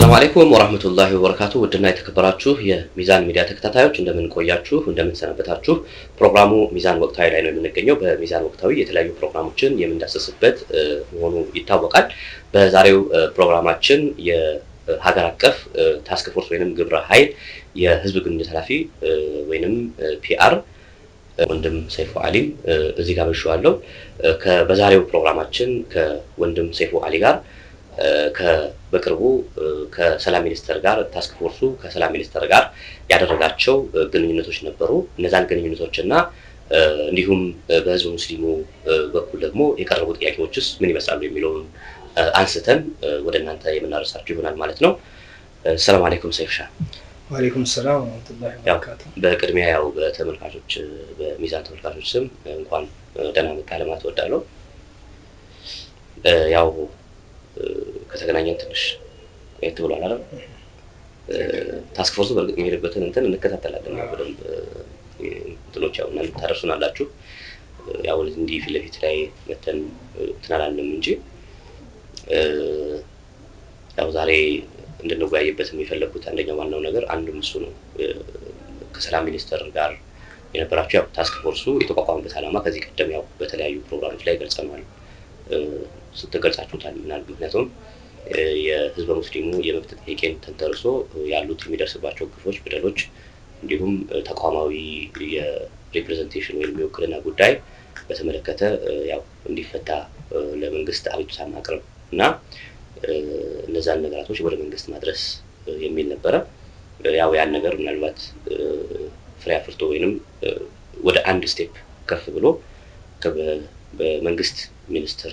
ሰላም አለይኩም ወራህመቱላሂ ወበረካቱ። ውድና የተከበራችሁ የሚዛን ሚዲያ ተከታታዮች እንደምን ቆያችሁ? እንደምን ሰነበታችሁ? ፕሮግራሙ ሚዛን ወቅታዊ ላይ ነው የምንገኘው። በሚዛን ወቅታዊ የተለያዩ ፕሮግራሞችን የምንዳሰስበት መሆኑ ይታወቃል። በዛሬው ፕሮግራማችን የሀገር አቀፍ ታስክ ፎርስ ወይንም ግብረ ኃይል የህዝብ ግንኙነት ኃላፊ ወይንም ፒአር ወንድም ሰይፉ አሊም እዚህ ጋር በዛሬው ፕሮግራማችን ከወንድም ሰይፉ አሊ ጋር በቅርቡ ከሰላም ሚኒስተር ጋር ታስክ ፎርሱ ከሰላም ሚኒስተር ጋር ያደረጋቸው ግንኙነቶች ነበሩ። እነዛን ግንኙነቶች እና እንዲሁም በህዝብ ሙስሊሙ በኩል ደግሞ የቀረቡ ጥያቄዎችስ ምን ይመስላሉ የሚለውን አንስተን ወደ እናንተ የምናደርሳችሁ ይሆናል ማለት ነው። ሰላም አለይኩም ሰይፍሻ። ዋሌኩም ሰላም ወረህመቱላሂ ወበረካቱ። በቅድሚያ ያው በተመልካቾች በሚዛን ተመልካቾች ስም እንኳን ደህና መጣህ ለማለት እወዳለሁ። ያው ከተገናኘን ትንሽ ቆየት ብሏል አይደል? ታስክ ፎርሱ በእርግጥ የሚሄድበትን እንትን እንከታተላለን። ያው በደንብ እንትኖች ያው እናንተ ታደርሱናላችሁ። ያው እንዲህ ፊት ለፊት ላይ መተን ትናላለም እንጂ ያው ዛሬ እንድንወያይበት የሚፈለጉት አንደኛው ዋናው ነገር አንዱም እሱ ነው። ከሰላም ሚኒስቴር ጋር የነበራቸው ያው ታስክ ፎርሱ የተቋቋመበት ዓላማ ከዚህ ቀደም ያው በተለያዩ ፕሮግራሞች ላይ ገልጸነዋል፣ ስትገልጻችሁታል ምናል ምክንያቱም የህዝበ ሙስሊሙ የመብት ጥያቄን ተንተርሶ ያሉት የሚደርስባቸው ግፎች፣ በደሎች እንዲሁም ተቋማዊ የሪፕሬዘንቴሽን ወይም የውክልና ጉዳይ በተመለከተ ያው እንዲፈታ ለመንግስት አቤቱታ ማቅረብ እና እነዛን ነገራቶች ወደ መንግስት ማድረስ የሚል ነበረ። ያው ያን ነገር ምናልባት ፍሬ አፍርቶ ወይንም ወደ አንድ ስቴፕ ከፍ ብሎ በመንግስት ሚኒስትር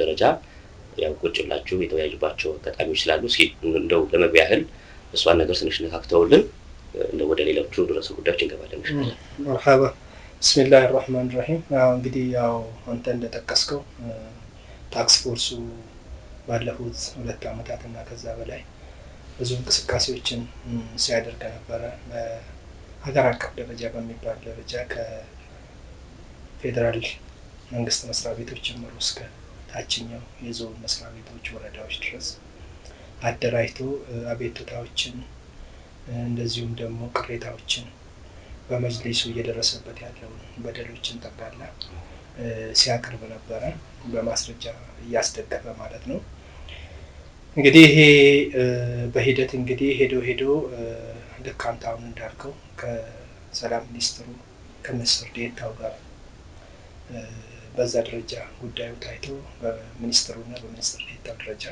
ደረጃ ያው ቁጭ ብላችሁ የተወያዩባቸው አጋጣሚዎች ስላሉ እስኪ እንደው ለመግቢያ ያህል እሷን ነገር ትንሽ ነካክተውልን እንደ ወደ ሌሎቹ ድረሰ ጉዳዮች እንገባለን። መርሐባ ብስሚላህ ራህማን ራሂም። እንግዲህ ያው አንተ እንደጠቀስከው ታክስ ፎርሱ ባለፉት ሁለት ዓመታት እና ከዛ በላይ ብዙ እንቅስቃሴዎችን ሲያደርግ ነበረ። በሀገር አቀፍ ደረጃ በሚባል ደረጃ ከፌዴራል መንግስት መስሪያ ቤቶች ጀምሮ እስከ ታችኛው የዞን መስሪያ ቤቶች ወረዳዎች ድረስ አደራጅቶ አቤቱታዎችን እንደዚሁም ደግሞ ቅሬታዎችን በመጅሊሱ እየደረሰበት ያለውን በደሎችን ጠቅላላ ሲያቀርብ ነበረ፣ በማስረጃ እያስደገፈ ማለት ነው። እንግዲህ ይሄ በሂደት እንግዲህ ሄዶ ሄዶ ልክ አንተ አሁን እንዳልከው ከሰላም ሚኒስትሩ ከሚኒስትር ዴታው ጋር በዛ ደረጃ ጉዳዩ ታይቶ በሚኒስትሩና በሚኒስትር ዴኤታው ደረጃ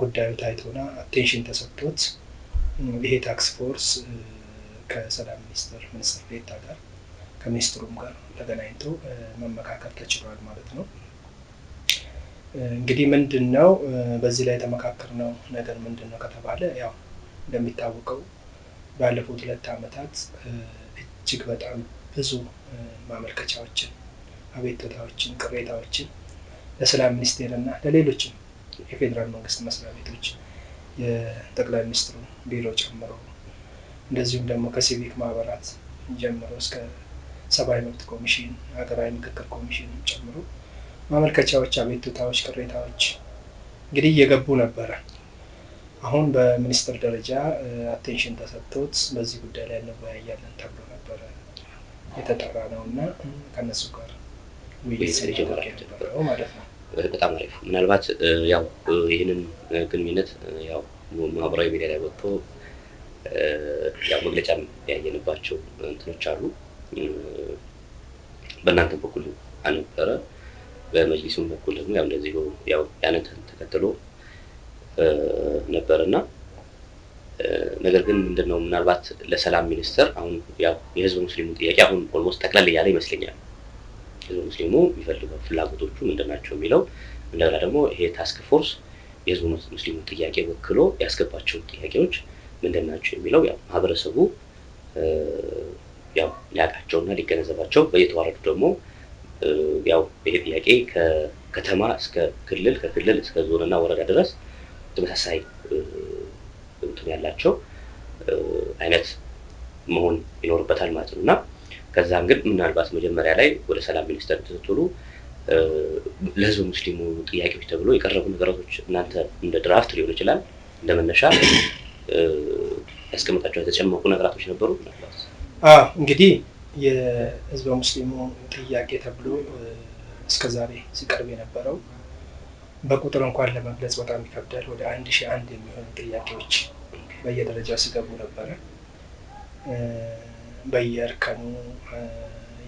ጉዳዩ ታይቶና አቴንሽን ተሰጥቶት ይሄ ታክስ ፎርስ ከሰላም ሚኒስትር ሚኒስትር ዴኤታ ጋር ከሚኒስትሩም ጋር ተገናኝቶ መመካከል ተችሏል ማለት ነው። እንግዲህ ምንድን ነው በዚህ ላይ የተመካከርነው ነገር ምንድን ነው ከተባለ ያው እንደሚታወቀው ባለፉት ሁለት ዓመታት እጅግ በጣም ብዙ ማመልከቻዎችን አቤቱታዎችን፣ ቅሬታዎችን ለሰላም እና ለሌሎችም የፌዴራል መንግስት መስሪያ ቤቶች የጠቅላይ ሚኒስትሩ ቢሮ ጨምሮ እንደዚሁም ደግሞ ከሲቪክ ማህበራት ጀምሮ እስከ ሰብአዊ መብት ኮሚሽን፣ ሀገራዊ ምክክር ኮሚሽን ጨምሮ ማመልከቻዎች፣ አቤቱታዎች፣ ቅሬታዎች እንግዲህ እየገቡ ነበረ። አሁን በሚኒስትር ደረጃ አቴንሽን ተሰጥቶት በዚህ ጉዳይ ላይ እንወያያለን ተብሎ ነበረ የተጠራ ነው እና ከነሱ ጋር ቤተሰብ የጀመራቸው በጣም አሪፍ። ምናልባት ያው ይህንን ግንኙነት ያው ማህበራዊ ሚዲያ ላይ ወጥቶ ያው መግለጫም ያየንባቸው እንትኖች አሉ። በእናንተ በኩል አልነበረ፣ በመጅሊሱም በኩል ደግሞ ያው እንደዚሁ ያው ያንን ተከትሎ ነበር እና ነገር ግን ምንድነው ምናልባት ለሰላም ሚኒስቴር አሁን ያው የህዝብ ሙስሊሙ ጥያቄ አሁን ኦልሞስት ጠቅላላ እያለ ይመስለኛል ሙስሊሙ የሚፈልገው ፍላጎቶቹ ምንድን ናቸው የሚለው እንደገና ደግሞ ይሄ ታስክ ፎርስ የህዝቡ ሙስሊሙን ጥያቄ ወክሎ ያስገባቸው ጥያቄዎች ምንድን ናቸው የሚለው ያው ማህበረሰቡ ያው ሊያውቃቸውና ሊገነዘባቸው በየተዋረዱ ደግሞ ያው ይሄ ጥያቄ ከከተማ እስከ ክልል ከክልል እስከ ዞንና ወረዳ ድረስ ተመሳሳይ እንትን ያላቸው አይነት መሆን ይኖርበታል ማለት ነው እና ከዛም ግን ምናልባት መጀመሪያ ላይ ወደ ሰላም ሚኒስተር ትትሉ ለህዝብ ሙስሊሙ ጥያቄዎች ተብሎ የቀረቡ ነገራቶች እናንተ እንደ ድራፍት ሊሆን ይችላል እንደ መነሻ ያስቀምጣቸው የተጨመቁ ነገራቶች ነበሩ። እንግዲህ የህዝበ ሙስሊሙ ጥያቄ ተብሎ እስከዛሬ ሲቀርብ የነበረው በቁጥር እንኳን ለመግለጽ በጣም ይከብዳል። ወደ አንድ ሺህ አንድ የሚሆኑ ጥያቄዎች በየደረጃው ሲገቡ ነበረ። በየእርከኑ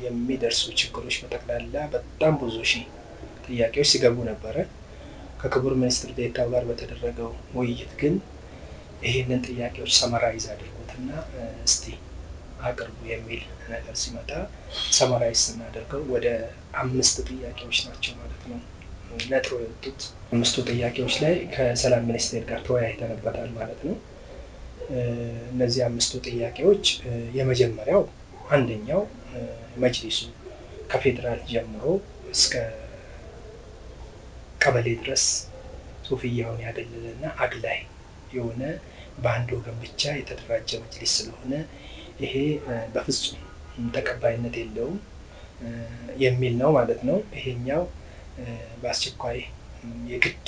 የሚደርሱ ችግሮች በጠቅላላ በጣም ብዙ ሺህ ጥያቄዎች ሲገቡ ነበረ። ከክቡር ሚኒስትር ዴታው ጋር በተደረገው ውይይት ግን ይህንን ጥያቄዎች ሰመራይዝ አድርጉትና እስቲ አቅርቡ የሚል ነገር ሲመጣ ሰመራይዝ ስናደርገው ወደ አምስት ጥያቄዎች ናቸው ማለት ነው ነጥሮ የወጡት። አምስቱ ጥያቄዎች ላይ ከሰላም ሚኒስቴር ጋር ተወያይተንበታል ማለት ነው። እነዚህ አምስቱ ጥያቄዎች የመጀመሪያው አንደኛው መጅሊሱ ከፌዴራል ጀምሮ እስከ ቀበሌ ድረስ ሱፍያውን ያገለለና አግላይ የሆነ በአንድ ወገን ብቻ የተደራጀ መጅሊስ ስለሆነ ይሄ በፍጹም ተቀባይነት የለውም የሚል ነው ማለት ነው። ይሄኛው በአስቸኳይ የግድ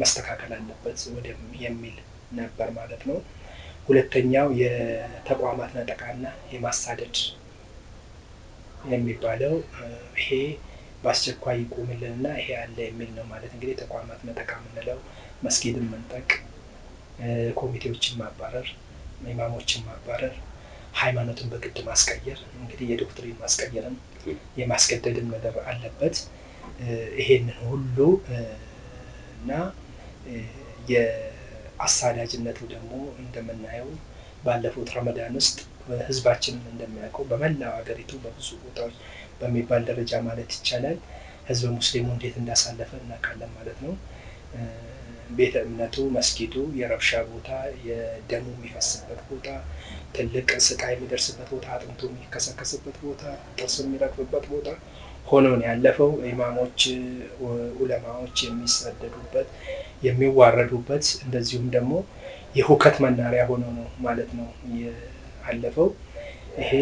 መስተካከል አለበት ወደ የሚል ነበር ማለት ነው። ሁለተኛው የተቋማት ነጠቃና የማሳደድ የሚባለው ይሄ በአስቸኳይ ይቁምልንና ይሄ አለ የሚል ነው። ማለት እንግዲህ ተቋማት ነጠቃ የምንለው መስጊድን መንጠቅ፣ ኮሚቴዎችን ማባረር፣ ኢማሞችን ማባረር፣ ሃይማኖትን በግድ ማስቀየር እንግዲህ የዶክትሪን ማስቀየርም የማስገደድን ነገር አለበት። ይሄንን ሁሉ እና አሳዳጅነቱ ደግሞ እንደምናየው ባለፉት ረመዳን ውስጥ ህዝባችንን እንደሚያውቀው በመላው ሀገሪቱ በብዙ ቦታዎች በሚባል ደረጃ ማለት ይቻላል ህዝበ ሙስሊሙ እንዴት እንዳሳለፈ እናውቃለን ማለት ነው። ቤተ እምነቱ፣ መስጊዱ የረብሻ ቦታ፣ የደሙ የሚፈስበት ቦታ፣ ትልቅ ስቃይ የሚደርስበት ቦታ፣ አጥንቱ የሚከሰከስበት ቦታ፣ ጥርስ የሚረግፍበት ቦታ ሆኖ ነው ያለፈው። ኢማሞች፣ ኡለማዎች የሚሰደዱበት የሚዋረዱበት፣ እንደዚሁም ደግሞ የሁከት መናሪያ ሆኖ ነው ማለት ነው ያለፈው። ይሄ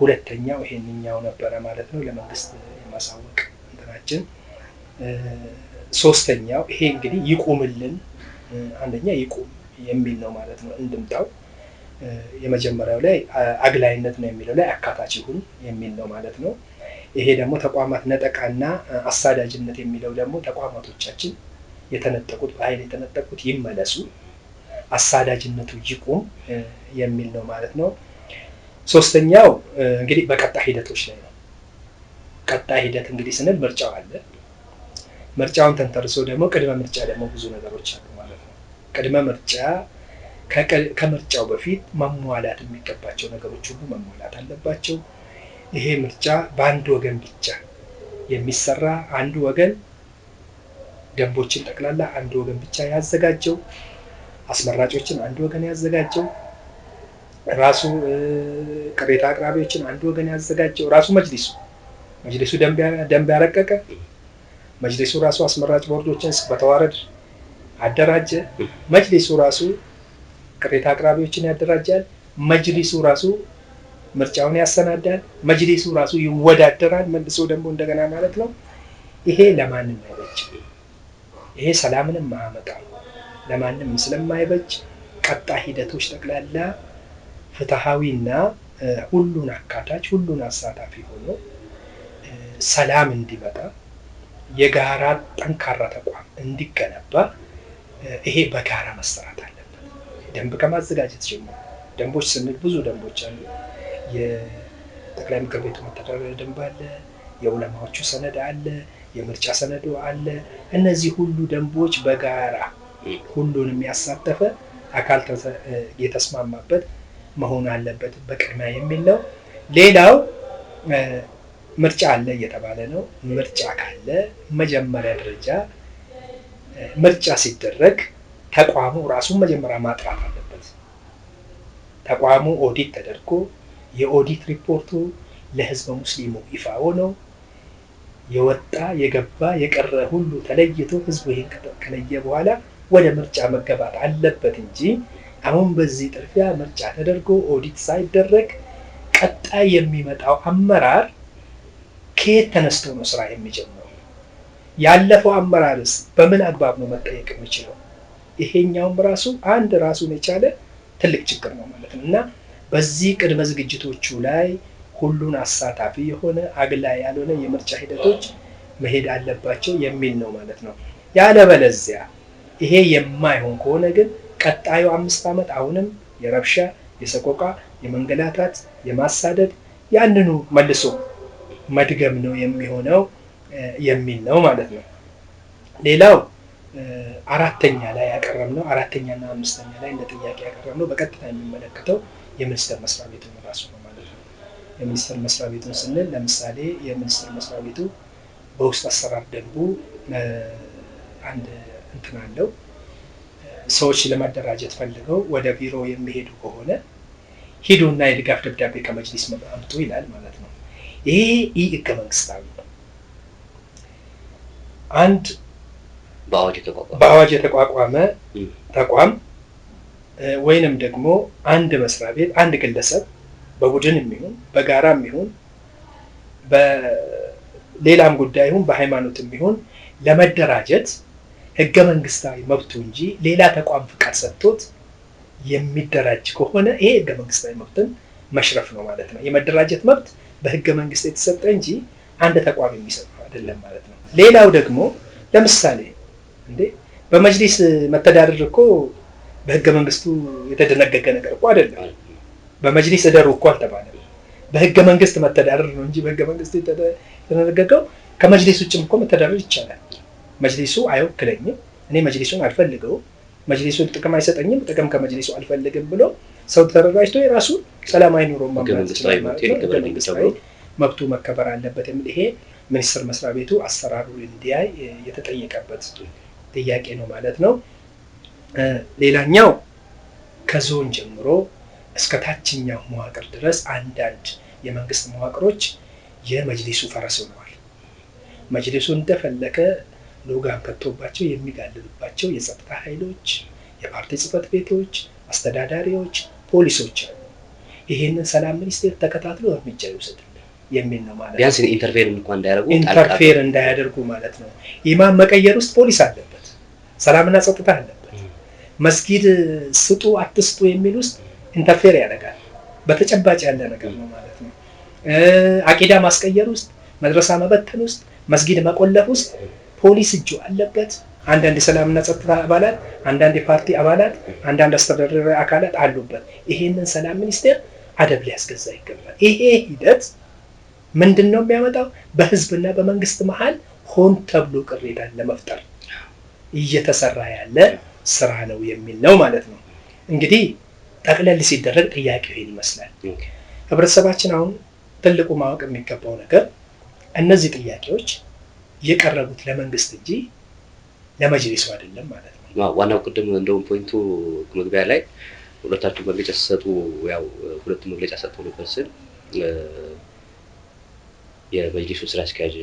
ሁለተኛው ይሄንኛው ነበረ ማለት ነው ለመንግስት የማሳወቅ እንትናችን። ሶስተኛው ይሄ እንግዲህ ይቁምልን፣ አንደኛ ይቁም የሚል ነው ማለት ነው እንድምታው የመጀመሪያው ላይ አግላይነት ነው የሚለው ላይ አካታች ይሁን የሚል ነው ማለት ነው። ይሄ ደግሞ ተቋማት ነጠቃና አሳዳጅነት የሚለው ደግሞ ተቋማቶቻችን የተነጠቁት በኃይል የተነጠቁት ይመለሱ፣ አሳዳጅነቱ ይቁም የሚል ነው ማለት ነው። ሶስተኛው እንግዲህ በቀጣይ ሂደቶች ላይ ነው። ቀጣይ ሂደት እንግዲህ ስንል ምርጫው አለ። ምርጫውን ተንተርሶ ደግሞ ቅድመ ምርጫ ደግሞ ብዙ ነገሮች አሉ ማለት ነው። ቅድመ ምርጫ ከምርጫው በፊት መሟላት የሚገባቸው ነገሮች ሁሉ መሟላት አለባቸው። ይሄ ምርጫ በአንድ ወገን ብቻ የሚሰራ አንድ ወገን ደንቦችን ጠቅላላ አንድ ወገን ብቻ ያዘጋጀው፣ አስመራጮችን አንድ ወገን ያዘጋጀው፣ ራሱ ቅሬታ አቅራቢዎችን አንድ ወገን ያዘጋጀው፣ ራሱ መጅሊሱ መጅሊሱ ደንብ ያረቀቀ፣ መጅሊሱ ራሱ አስመራጭ ቦርዶችን በተዋረድ አደራጀ፣ መጅሊሱ ራሱ ቅሬታ አቅራቢዎችን ያደራጃል፣ መጅሊሱ ራሱ ምርጫውን ያሰናዳል፣ መጅሊሱ ራሱ ይወዳደራል፣ መልሶ ደግሞ እንደገና ማለት ነው። ይሄ ለማንም አይበጅ፣ ይሄ ሰላምንም ማመጣ ለማንም ስለማይበጅ ቀጣ ሂደቶች ጠቅላላ ፍትሐዊና ሁሉን አካታች ሁሉን አሳታፊ ሆኖ ሰላም እንዲመጣ የጋራ ጠንካራ ተቋም እንዲገነባ ይሄ በጋራ መሰራት አለበት። ደንብ ከማዘጋጀት ጀምሮ ደንቦች ስንል ብዙ ደንቦች አሉ። የጠቅላይ ምክር ቤቱ መተዳደሪያ ደንብ አለ፣ የዑለማዎቹ ሰነድ አለ፣ የምርጫ ሰነዱ አለ። እነዚህ ሁሉ ደንቦች በጋራ ሁሉንም ያሳተፈ አካል የተስማማበት መሆን አለበት በቅድሚያ የሚል ነው። ሌላው ምርጫ አለ እየተባለ ነው። ምርጫ ካለ መጀመሪያ ደረጃ ምርጫ ሲደረግ ተቋሙ ራሱን መጀመሪያ ማጥራት አለበት። ተቋሙ ኦዲት ተደርጎ የኦዲት ሪፖርቱ ለህዝበ ሙስሊሙ ይፋ ነው። የወጣ የገባ የቀረ ሁሉ ተለይቶ ህዝቡ ይህን ከለየ በኋላ ወደ ምርጫ መገባት አለበት እንጂ አሁን በዚህ ጥርፊያ ምርጫ ተደርጎ ኦዲት ሳይደረግ ቀጣይ የሚመጣው አመራር ከየት ተነስቶ ነው ስራ የሚጀምረው? ያለፈው አመራርስ በምን አግባብ ነው መጠየቅ የሚችለው? ይሄኛውም ራሱ አንድ ራሱን የቻለ ትልቅ ችግር ነው ማለት ነው እና በዚህ ቅድመ ዝግጅቶቹ ላይ ሁሉን አሳታፊ የሆነ አግላ ያልሆነ የምርጫ ሂደቶች መሄድ አለባቸው የሚል ነው ማለት ነው። ያለበለዚያ ይሄ የማይሆን ከሆነ ግን ቀጣዩ አምስት ዓመት አሁንም የረብሻ የሰቆቃ፣ የመንገላታት፣ የማሳደድ ያንኑ መልሶ መድገም ነው የሚሆነው የሚል ነው ማለት ነው። ሌላው አራተኛ ላይ ያቀረብነው አራተኛና አምስተኛ ላይ እንደ ጥያቄ ያቀረብነው በቀጥታ የሚመለከተው የሚኒስቴር መስሪያ ቤቱ ራሱ ነው ማለት ነው። የሚኒስቴር መስሪያ ቤቱን ስንል ለምሳሌ የሚኒስቴር መስሪያ ቤቱ በውስጥ አሰራር ደንቡ አንድ እንትን አለው። ሰዎች ለማደራጀት ፈልገው ወደ ቢሮ የሚሄዱ ከሆነ ሂዱና የድጋፍ ደብዳቤ ከመጅሊስ አምጡ ይላል ማለት ነው። ይሄ ኢ ህገ መንግስታዊ ነው። አንድ በአዋጅ የተቋቋመ ተቋም ወይንም ደግሞ አንድ መስሪያ ቤት አንድ ግለሰብ በቡድን የሚሆን በጋራ የሚሆን በሌላም ጉዳይ ይሁን በሃይማኖት የሚሆን ለመደራጀት ህገ መንግስታዊ መብቱ እንጂ ሌላ ተቋም ፍቃድ ሰጥቶት የሚደራጅ ከሆነ ይሄ ህገ መንግስታዊ መብትን መሽረፍ ነው ማለት ነው። የመደራጀት መብት በህገ መንግስት የተሰጠ እንጂ አንድ ተቋም የሚሰጡ አይደለም ማለት ነው። ሌላው ደግሞ ለምሳሌ እንዴ በመጅሊስ መተዳደር እኮ በህገ መንግስቱ የተደነገገ ነገር እኮ አይደለም። በመጅሊስ እደሩ እኮ አልተባለም። በህገ መንግስት መተዳደር ነው እንጂ በህገ መንግስት የተደነገገው። ከመጅሊስ ውጭም እኮ መተዳደር ይቻላል። መጅሊሱ አይወክለኝም፣ እኔ መጅሊሱን አልፈልገውም፣ መጅሊሱን ጥቅም አይሰጠኝም፣ ጥቅም ከመጅሊሱ አልፈልግም ብሎ ሰው ተደራጅቶ የራሱ ሰላማዊ ኑሮ መብቱ መከበር አለበት የሚል ይሄ ሚኒስቴር መስሪያ ቤቱ አሰራሩ እንዲያይ የተጠየቀበት ጥያቄ ነው ማለት ነው። ሌላኛው ከዞን ጀምሮ እስከ ታችኛው መዋቅር ድረስ አንዳንድ የመንግስት መዋቅሮች የመጅሊሱ ፈረስ ሆነዋል። መጅሊሱ እንደፈለገ ሎጋን ከቶባቸው የሚጋልብባቸው የጸጥታ ኃይሎች፣ የፓርቲ ጽህፈት ቤቶች፣ አስተዳዳሪዎች፣ ፖሊሶች አሉ። ይህንን ሰላም ሚኒስቴር ተከታትሎ እርምጃ ይውሰድ የሚል ነው ማለት ቢያንስ ኢንተርፌር እንዳያደርጉ ኢንተርፌር እንዳያደርጉ ማለት ነው። ኢማም መቀየር ውስጥ ፖሊስ አለበት፣ ሰላምና ጸጥታ አለበት። መስጊድ ስጡ አትስጡ የሚል ውስጥ ኢንተርፌር ያደርጋል። በተጨባጭ ያለ ነገር ነው ማለት ነው። አቂዳ ማስቀየር ውስጥ፣ መድረሳ መበተን ውስጥ፣ መስጊድ መቆለፍ ውስጥ ፖሊስ እጁ አለበት። አንዳንድ የሰላምና ጸጥታ አባላት፣ አንዳንድ የፓርቲ አባላት፣ አንዳንድ አስተዳደራዊ አካላት አሉበት። ይሄንን ሰላም ሚኒስቴር አደብ ሊያስገዛ ይገባል። ይሄ ሂደት ምንድን ነው የሚያመጣው? በህዝብና በመንግስት መሀል ሆን ተብሎ ቅሬታን ለመፍጠር እየተሰራ ያለ ስራ ነው የሚል ነው ማለት ነው። እንግዲህ ጠቅለል ሲደረግ ጥያቄው ይሄን ይመስላል። ህብረተሰባችን አሁን ትልቁ ማወቅ የሚገባው ነገር እነዚህ ጥያቄዎች የቀረቡት ለመንግስት እንጂ ለመጅሊሱ አይደለም ማለት ነው። ዋናው ቅድም እንደውም ፖይንቱ መግቢያ ላይ ሁለታችሁ መግለጫ ሲሰጡ ያው ሁለቱ መግለጫ ሰጥቶ ነበር ስል የመጅሊሱ ስራ አስኪያጅ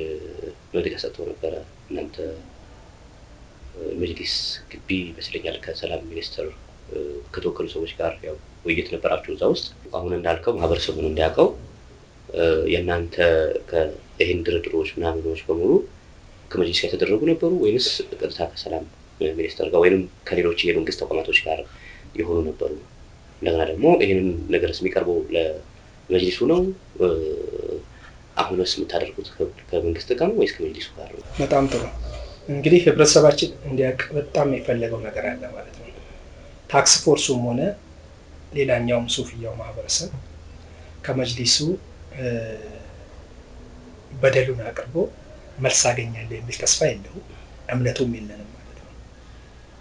መግለጫ ሰጥቶ ነበረ እናንተ መጅሊስ ግቢ ይመስለኛል ከሰላም ሚኒስትር ከተወከሉ ሰዎች ጋር ያው ውይይት ነበራቸው እዛ ውስጥ። አሁን እንዳልከው ማህበረሰቡን እንዲያውቀው የእናንተ ይህን ድርድሮች ምናምኖች በሙሉ ከመጅሊስ ጋር የተደረጉ ነበሩ ወይንስ ቀጥታ ከሰላም ሚኒስትር ጋር ወይም ከሌሎች የመንግስት ተቋማቶች ጋር የሆኑ ነበሩ? እንደገና ደግሞ ይህንን ነገር የሚቀርበው ለመጅሊሱ ነው? አሁንስ የምታደርጉት ከመንግስት ጋር ነው ወይስ ከመጅሊሱ ጋር ነው? በጣም ጥሩ እንግዲህ ህብረተሰባችን እንዲያውቅ በጣም የፈለገው ነገር አለ ማለት ነው። ታክስ ፎርሱም ሆነ ሌላኛውም ሱፍያው ማህበረሰብ ከመጅሊሱ በደሉን አቅርቦ መልስ አገኛለሁ የሚል ተስፋ የለውም፣ እምነቱም የለንም ማለት ነው።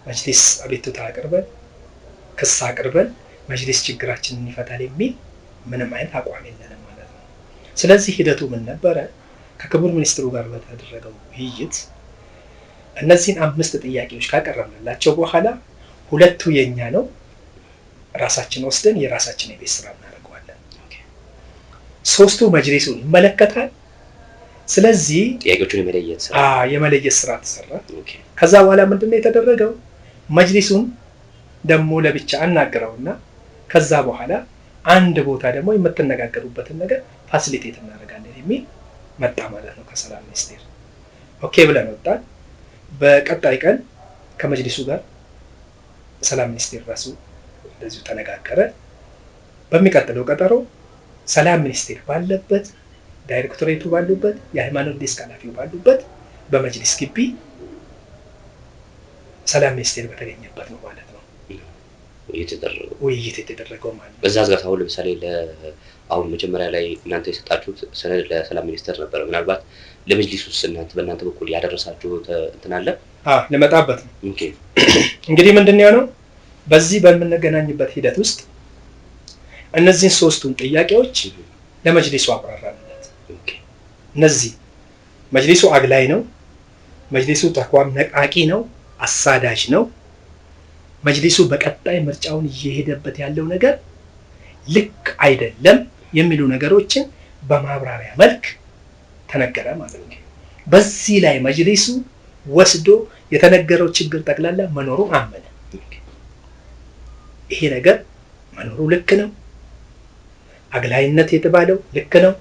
መጅሊስ አቤቱታ አቅርበን ክስ አቅርበን መጅሊስ ችግራችንን ይፈታል የሚል ምንም አይነት አቋም የለንም ማለት ነው። ስለዚህ ሂደቱ ምን ነበረ? ከክቡር ሚኒስትሩ ጋር በተደረገው ውይይት እነዚህን አምስት ጥያቄዎች ካቀረብንላቸው በኋላ ሁለቱ የኛ ነው፣ ራሳችን ወስደን የራሳችን የቤት ስራ እናደርገዋለን። ሶስቱ መጅሊሱን ይመለከታል። ስለዚህ ጥያቄዎቹን የመለየት ስራ የመለየት ስራ ተሰራ። ከዛ በኋላ ምንድን ነው የተደረገው? መጅሊሱን ደግሞ ለብቻ አናግረውና ከዛ በኋላ አንድ ቦታ ደግሞ የምትነጋገሩበትን ነገር ፋሲሊቴት እናደርጋለን የሚል መጣ ማለት ነው ከሰላም ሚኒስቴር። ኦኬ ብለን ወጣል? በቀጣይ ቀን ከመጅሊሱ ጋር ሰላም ሚኒስቴር ራሱ እንደዚሁ ተነጋገረ። በሚቀጥለው ቀጠሮ ሰላም ሚኒስቴር ባለበት፣ ዳይሬክቶሬቱ ባሉበት፣ የሃይማኖት ዴስክ ኃላፊው ባሉበት በመጅሊስ ግቢ ሰላም ሚኒስቴር በተገኘበት ነው ማለት ነው ውይይት የተደረገው ማለት ነው። በዛ ዝጋት አሁን ለምሳሌ አሁን መጀመሪያ ላይ እናንተ የሰጣችሁት ሰነድ ለሰላም ሚኒስቴር ነበረ ምናልባት ለመጅሊስ ስነት በእናንተ በኩል ያደረሳችሁ እንትን አለ ልመጣበት ነው። እንግዲህ ምንድን ነው በዚህ በምንገናኝበት ሂደት ውስጥ እነዚህን ሶስቱን ጥያቄዎች ለመጅሊሱ አብራራለት። እነዚህ መጅሊሱ አግላይ ነው፣ መጅሊሱ ተቋም ነቃቂ ነው፣ አሳዳጅ ነው። መጅሊሱ በቀጣይ ምርጫውን እየሄደበት ያለው ነገር ልክ አይደለም የሚሉ ነገሮችን በማብራሪያ መልክ ተነገረ ማለት ነው። በዚህ ላይ መጅሊሱ ወስዶ የተነገረው ችግር ጠቅላላ መኖሩ አመነ። ይሄ ነገር መኖሩ ልክ ነው፣ አግላይነት የተባለው ልክ ነው፣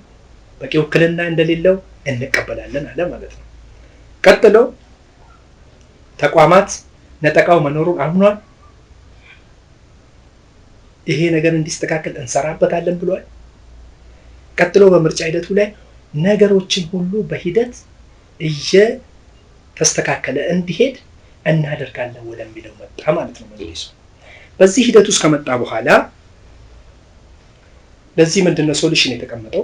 በቂ ውክልና እንደሌለው እንቀበላለን አለ ማለት ነው። ቀጥሎ ተቋማት ነጠቃው መኖሩን አምኗል። ይሄ ነገር እንዲስተካከል እንሰራበታለን ብሏል። ቀጥሎ በምርጫ ሂደቱ ላይ ነገሮችን ሁሉ በሂደት እየተስተካከለ እንዲሄድ እናደርጋለን ወደሚለው መጣ ማለት ነው መሊሱ በዚህ ሂደት ውስጥ ከመጣ በኋላ ለዚህ ምንድነው ሶሉሽን የተቀመጠው?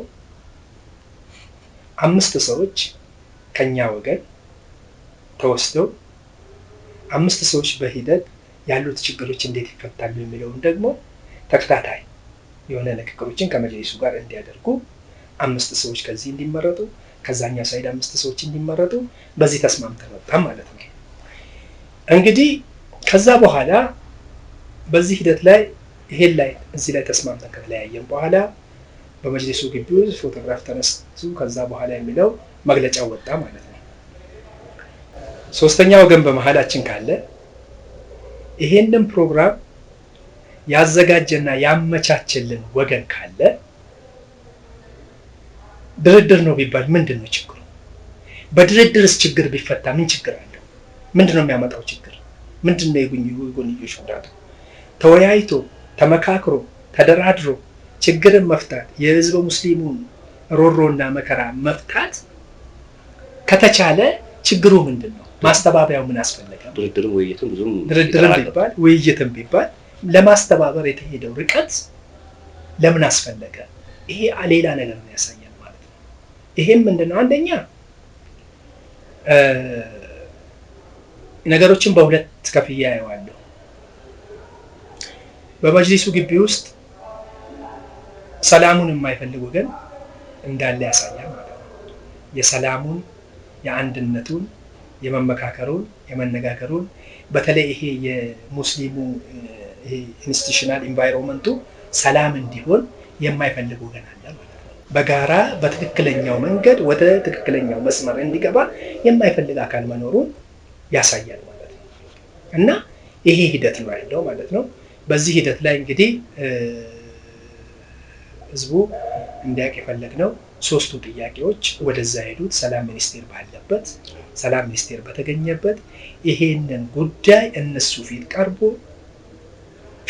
አምስት ሰዎች ከኛ ወገን ተወስደው አምስት ሰዎች በሂደት ያሉት ችግሮች እንዴት ይፈታሉ የሚለውን ደግሞ ተከታታይ የሆነ ንግግሮችን ከመጅሊሱ ጋር እንዲያደርጉ አምስት ሰዎች ከዚህ እንዲመረጡ ከዛኛው ሳይድ አምስት ሰዎች እንዲመረጡ በዚህ ተስማምተን ወጣ ማለት ነው። እንግዲህ ከዛ በኋላ በዚህ ሂደት ላይ ይሄን ላይ እዚህ ላይ ተስማምተን ከተለያየን በኋላ በመጅሊሱ ግቢ ውስጥ ፎቶግራፍ ተነሱ ከዛ በኋላ የሚለው መግለጫው ወጣ ማለት ነው። ሶስተኛ ወገን በመሀላችን ካለ ይሄንን ፕሮግራም ያዘጋጀና ያመቻችልን ወገን ካለ ድርድር ነው ቢባል ምንድን ነው ችግሩ? በድርድርስ ችግር ቢፈታ ምን ችግር አለው? ምንድን ነው የሚያመጣው ችግር? ምንድን ነው የጎንዮሽ ጉዳቱ? ተወያይቶ ተመካክሮ ተደራድሮ ችግርን መፍታት የህዝበ ሙስሊሙን ሮሮና መከራ መፍታት ከተቻለ ችግሩ ምንድን ነው? ማስተባበያው ምን አስፈለገ? ድርድርም ቢባል ውይይትም ቢባል ለማስተባበር የተሄደው ርቀት ለምን አስፈለገ? ይሄ ሌላ ነገር ነው ያሳያል። ይሄም ምንድነው አንደኛ ነገሮችን በሁለት ከፍያ አየዋለሁ። በመጅሊሱ ግቢ ውስጥ ሰላሙን የማይፈልግ ወገን እንዳለ ያሳያል ማለት ነው። የሰላሙን፣ የአንድነቱን፣ የመመካከሩን፣ የመነጋገሩን በተለይ ይሄ የሙስሊሙ ኢንስቲቱሽናል ኢንቫይሮንመንቱ ሰላም እንዲሆን የማይፈልግ ወገን አለ። በጋራ በትክክለኛው መንገድ ወደ ትክክለኛው መስመር እንዲገባ የማይፈልግ አካል መኖሩን ያሳያል ማለት ነው እና ይሄ ሂደት ነው ያለው ማለት ነው። በዚህ ሂደት ላይ እንግዲህ ህዝቡ እንዲያውቅ የፈለግነው ሶስቱ ጥያቄዎች ወደዛ ሄዱት ሰላም ሚኒስቴር ባለበት ሰላም ሚኒስቴር በተገኘበት ይሄንን ጉዳይ እነሱ ፊት ቀርቦ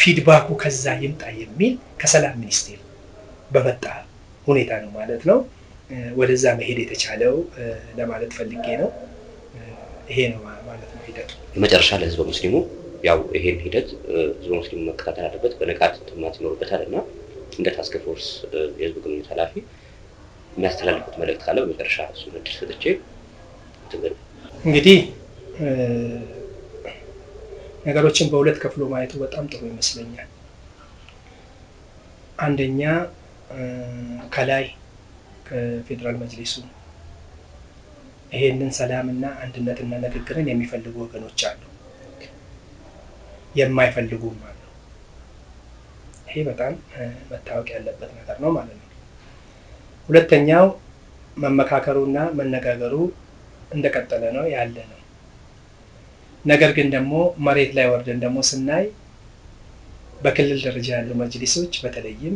ፊድባኩ ከዛ ይምጣ የሚል ከሰላም ሚኒስቴር በመጣ ሁኔታ ነው ማለት ነው ወደዛ መሄድ የተቻለው ለማለት ፈልጌ ነው። ይሄ ነው ማለት ነው ሂደቱ። መጨረሻ ለህዝበ ሙስሊሙ ያው ይሄን ሂደት ህዝበ ሙስሊሙ መከታተል አለበት፣ በንቃት ትማት ይኖርበታል እና እንደ ታስክ ፎርስ የህዝብ ግንኙነት ኃላፊ የሚያስተላልፉት መልእክት ካለ በመጨረሻ እሱ እድል ሰጥቼ እንግዲህ ነገሮችን በሁለት ከፍሎ ማየቱ በጣም ጥሩ ይመስለኛል። አንደኛ ከላይ ከፌዴራል መጅሊሱ ይሄንን ሰላምና አንድነትና ንግግርን የሚፈልጉ ወገኖች አሉ፣ የማይፈልጉም አሉ። ይሄ በጣም መታወቅ ያለበት ነገር ነው ማለት ነው። ሁለተኛው መመካከሩና መነጋገሩ እንደቀጠለ ነው ያለ ነው። ነገር ግን ደግሞ መሬት ላይ ወርደን ደግሞ ስናይ በክልል ደረጃ ያሉ መጅሊሶች በተለይም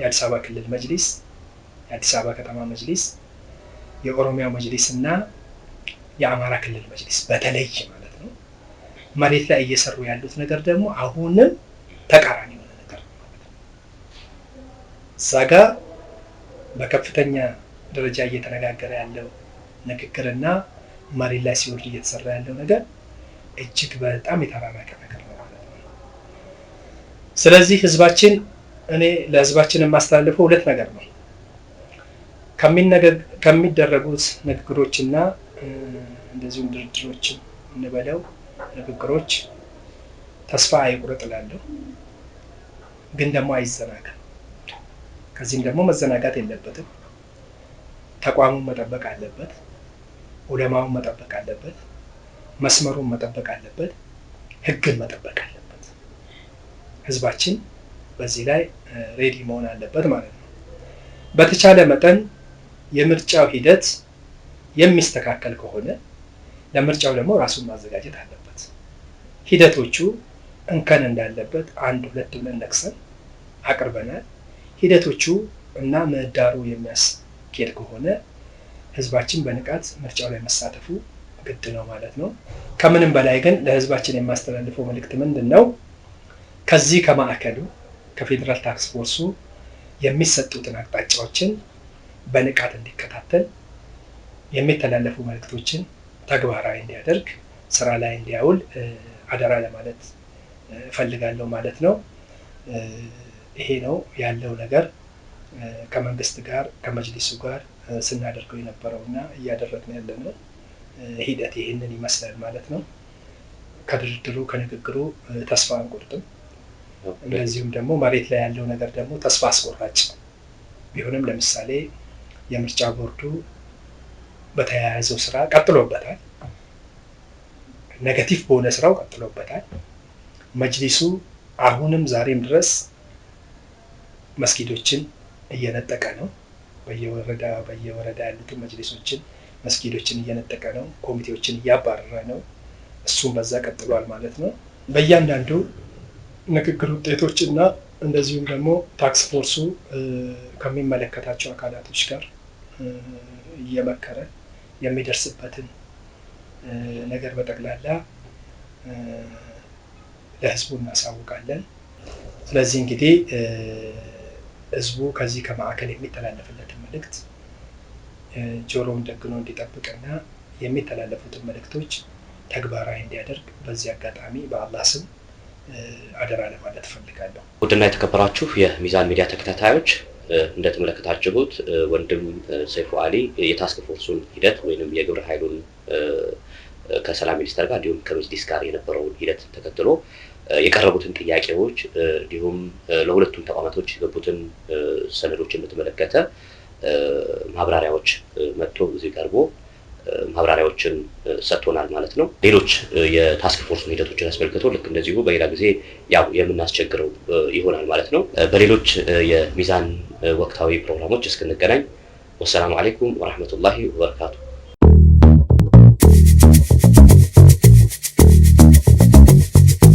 የአዲስ አበባ ክልል መጅሊስ፣ የአዲስ አበባ ከተማ መጅሊስ፣ የኦሮሚያ መጅሊስ እና የአማራ ክልል መጅሊስ በተለይ ማለት ነው መሬት ላይ እየሰሩ ያሉት ነገር ደግሞ አሁንም ተቃራኒ የሆነ ነገር ማለት ነው። እዛ ጋ በከፍተኛ ደረጃ እየተነጋገረ ያለው ንግግርና መሬት ላይ ሲወርድ እየተሰራ ያለው ነገር እጅግ በጣም የተራራቀ ነገር ነው ማለት ነው። ስለዚህ ህዝባችን እኔ ለህዝባችን የማስተላልፈው ሁለት ነገር ነው። ከሚደረጉት ንግግሮችና እንደዚሁም ድርድሮች እንበለው ንግግሮች ተስፋ አይቁረጥ እላለሁ። ግን ደግሞ አይዘናጋ። ከዚህም ደግሞ መዘናጋት የለበትም። ተቋሙን መጠበቅ አለበት። ዑለማውን መጠበቅ አለበት። መስመሩን መጠበቅ አለበት። ህግን መጠበቅ አለበት። ህዝባችን በዚህ ላይ ሬዲ መሆን አለበት ማለት ነው። በተቻለ መጠን የምርጫው ሂደት የሚስተካከል ከሆነ ለምርጫው ደግሞ ራሱን ማዘጋጀት አለበት። ሂደቶቹ እንከን እንዳለበት አንድ ሁለት ብለን ነቅሰን አቅርበናል። ሂደቶቹ እና ምህዳሩ የሚያስኬድ ከሆነ ህዝባችን በንቃት ምርጫው ላይ መሳተፉ ግድ ነው ማለት ነው። ከምንም በላይ ግን ለህዝባችን የማስተላልፈው መልእክት ምንድን ነው? ከዚህ ከማዕከሉ ከፌዴራል ታክስ ፎርሱ የሚሰጡትን አቅጣጫዎችን በንቃት እንዲከታተል የሚተላለፉ መልእክቶችን ተግባራዊ እንዲያደርግ ስራ ላይ እንዲያውል አደራ ለማለት እፈልጋለሁ ማለት ነው። ይሄ ነው ያለው ነገር ከመንግስት ጋር ከመጅሊሱ ጋር ስናደርገው የነበረው እና እያደረግን ያለነው ሂደት ይህንን ይመስላል ማለት ነው። ከድርድሩ ከንግግሩ ተስፋ አንቆርጥም። እንደዚሁም ደግሞ መሬት ላይ ያለው ነገር ደግሞ ተስፋ አስቆራጭ ቢሆንም ለምሳሌ የምርጫ ቦርዱ በተያያዘው ስራ ቀጥሎበታል። ኔጋቲቭ በሆነ ስራው ቀጥሎበታል። መጅሊሱ አሁንም ዛሬም ድረስ መስጊዶችን እየነጠቀ ነው። በየወረዳ በየወረዳ ያሉትን መጅሊሶችን፣ መስጊዶችን እየነጠቀ ነው። ኮሚቴዎችን እያባረረ ነው። እሱም በዛ ቀጥሏል ማለት ነው። በእያንዳንዱ ንግግር ውጤቶች እና እንደዚሁም ደግሞ ታክስ ፎርሱ ከሚመለከታቸው አካላቶች ጋር እየመከረ የሚደርስበትን ነገር በጠቅላላ ለህዝቡ እናሳውቃለን። ስለዚህ እንግዲህ ህዝቡ ከዚህ ከማዕከል የሚተላለፍለትን መልእክት ጆሮውን ደግኖ እንዲጠብቅና የሚተላለፉትን መልእክቶች ተግባራዊ እንዲያደርግ በዚህ አጋጣሚ በአላህ ስም አደራ ለማለት ፈልጋለሁ። ውድና የተከበራችሁ የሚዛን ሚዲያ ተከታታዮች እንደተመለከታችሁት ወንድም ሰይፉ አሊ የታስክ ፎርሱን ሂደት ወይም የግብረ ኃይሉን ከሰላም ሚኒስተር ጋር እንዲሁም ከመጅሊስ ጋር የነበረውን ሂደት ተከትሎ የቀረቡትን ጥያቄዎች እንዲሁም ለሁለቱም ተቋማቶች የገቡትን ሰነዶች በተመለከተ ማብራሪያዎች መጥቶ እዚህ ቀርቦ ማብራሪያዎችን ሰጥቶናል ማለት ነው። ሌሎች የታስክ ፎርስ ሂደቶችን አስመልክቶ ልክ እንደዚሁ በሌላ ጊዜ ያው የምናስቸግረው ይሆናል ማለት ነው። በሌሎች የሚዛን ወቅታዊ ፕሮግራሞች እስክንገናኝ ወሰላሙ አሌይኩም ወረህመቱላሂ ወበረካቱ።